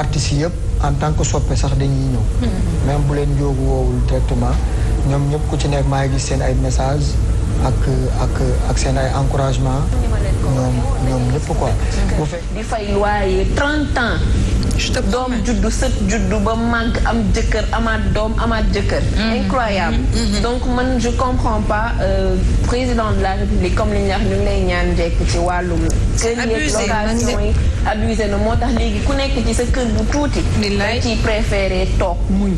artistes yëpp en tant que soppe sax dañuy ñëw hmm. même bu leen jóogu woowul directement ñoom ñëpp ko ci nekk maa gis seen ay message ak ak ak seen ay encouragement ñoom ñoom ko quoi doom juddu sët juddu ba màgg am jëkkër amaat doom amaat jëkkër mm-hmm. incroyable mm-hmm. donc man je comprends pas euh, président de la république comme li ñu wax ñu ngi lay ñaan njekk ci wàllum kër yeeg location yi na moo tax léegi ku nekk ci sa kër bu tuuti da ciy préféré toog muñ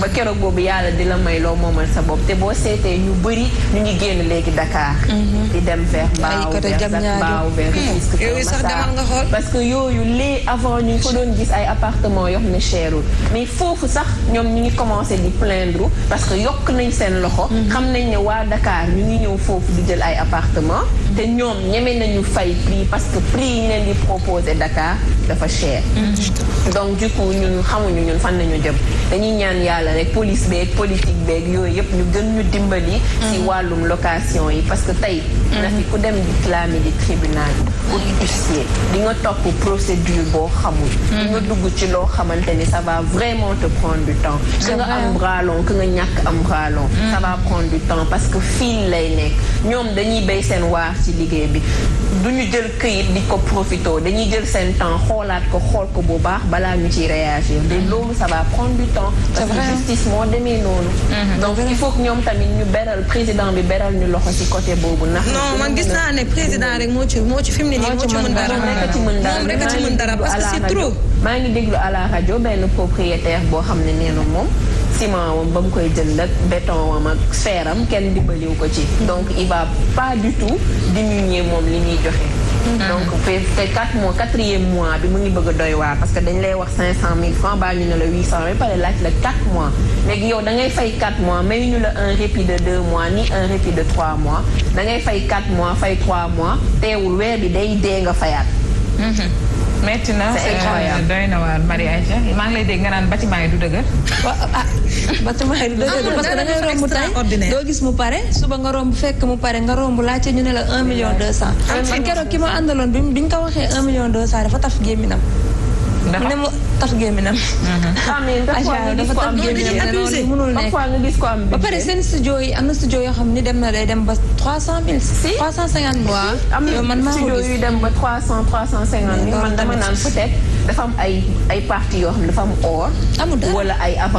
ba keroog boobu yàlla di la may loo moomal sa bopp te boo seetee ñu bëri ñu ngi génn léegi Dakar. Mhm. di dem vers Mbao vers Mbao mhm. vers Rufisque yooyu sax demal nga xool parce que yooyu lee avant ñu ngi ko doon gis ay appartement yoo xam ne cherul mais foofu sax ñoom ñu ngi commencé di plaindre parce que yokk nañ seen loxo. Mhm. xam nañ ne waa Dakar ñu ngi ñëw foofu di jël ay appartement te ñoom ñeme nañu fay prix parce que prix yi ñu leen di proposé Dakar dafa cher. donc du coup ñun xamuñu ñun fan nañu jëm dañuy ñaan la rek police beeg politique beeg yooyu yëpp ñu gën ñu dimbali. ci mm. wàllum location yi parce que tey. Mm. na fi ku dem di clamer di tribunal pour huissier di nga topp procédure boo xamul. Mm. di nga dugg ci loo xamante ni ça va vraiment te prendre du temps. que nga am bralon que nga ñàkk am bralon. ça va du temps parce que fii lay nekk. ñoom dañuy béy seen waar ci liggéey bi du ñu jël këyit di ko profito dañuy jël seen temps xoolaat ko xool ko bu baax balaa ñu ciy réagir de loolu ça va prendre du temps parce que justice moo demee noonu mm-hmm. donc il faut ñoom tamit ñu beral président bi beral ñu loxo ci côté boobu ndax man gis naa ne président rek moo ci moo ci fi mu ne nii moo ci mën dara moom rek a ci mën dara parce que trop maa ngi déglu à rajo benn propriétaire boo xam ne nee na moom ciment wam ba mu koy jënd ak béton wam ak fer am kenn dimbaliw ko ci donc il va pas du tout diminuer moom li ñuy joxe mm-hmm. donc te quatre mois quatrième mois bi mu ngi bëgg doy waar parce que dañ lay wax cinq cent mille francs baa ñu ne la huit cent ba pare laaj la quatre mois léegi yow da ngay fay quatre mois may ñu la un répit de deux mois ni un répit de trois mois da ngay fay quatre mois fay trois mois teewul weer bi day dee nga fayaat mm-hmm. metti na c'est incroyable euh, doy na waar Marie maa ngi lay dégg nga naan bâtiment yi du dëgër. Ah, ah bâtiment yi du dëgër ah, parce que da ngay romb tey doo gis mu pare suba nga romb fekk mu pare nga romb laajte ñu ne la 1 million 200. am ah, keroog ki ma àndaloon bi ñu ko waxee 1 million 200 dafa taf gémminam. tas gémminam. Mm-hmm. amiin dafa tas gémminam loolu mënul nga gis ko am ba pare seen studio yi am na studio yoo xam ni dem na day dem ba trois cent mille. si trois cent cinquante. waaw am na studio yu dem ba trois cent trois cent cinquante. man dama naan peut-être. dafa am ay ay parties yoo xam ne dafa am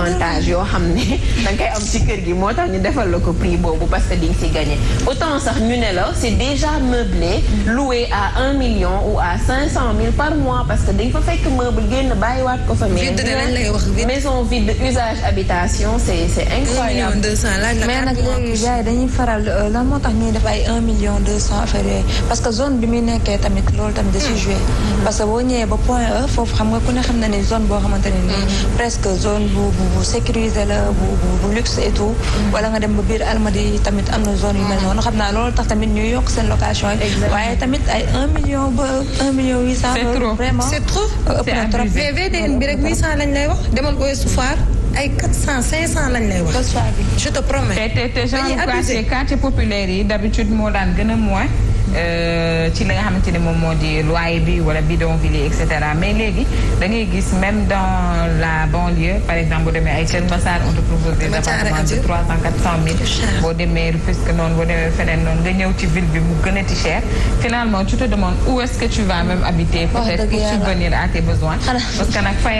ah. yoo xam ne da koy am ci kër gi moo tax ñu defal la ko prix boobu parce que di nga si gagné. autant sax ñu ne la c'est déjà meublé. loué à un million ou à cinq cent mille par mois parce que dañ fa fekk meuble génn bàyyiwaat ko fa. vide lañ lay wax vide maison vide usage habitation c'est c'est incroyable. un laaj la mais nag gars yi dañuy faral euh, lan moo tax ñuy def ay un million deux cent affaire parce que zone bi muy nekkee tamit loolu tamit da hmm. Hmm. parce que boo ñëwee foofu xam nga ku ne xam na ni zone boo xamante ne nii mm. presque zone bu bu sécurisée la bu bu luxe et tout mm. wala nga dem ba biir Almadies tamit am na zone yu mel mm. noonu xam naa loolu tax tamit ñuy yokk seen location yi waaye tamit ay un million ba un million huit cent loolu vraiment na trop VDN bi rek huit cent lañ lay wax demal Ouest Foire ay 400 500 lañ lay wax je te promets te te te genre quartier quartier moo daan gën a moins Euh, ci li nga xamante ne moom moo di loyer bi wala bidonville et cetera mais léegi da ngay gis même dans la banlieue par exemple boo demee ay Kër Massar on te propose des appartements de trois cent quatre cent mille boo demee Rufisque noonu boo demee feneen noonu nga ñëw ci ville bi mu gën t ti cher finalement tu te demandes où que tu vas même habiter oh, peut pour subvenir à tes parce que nag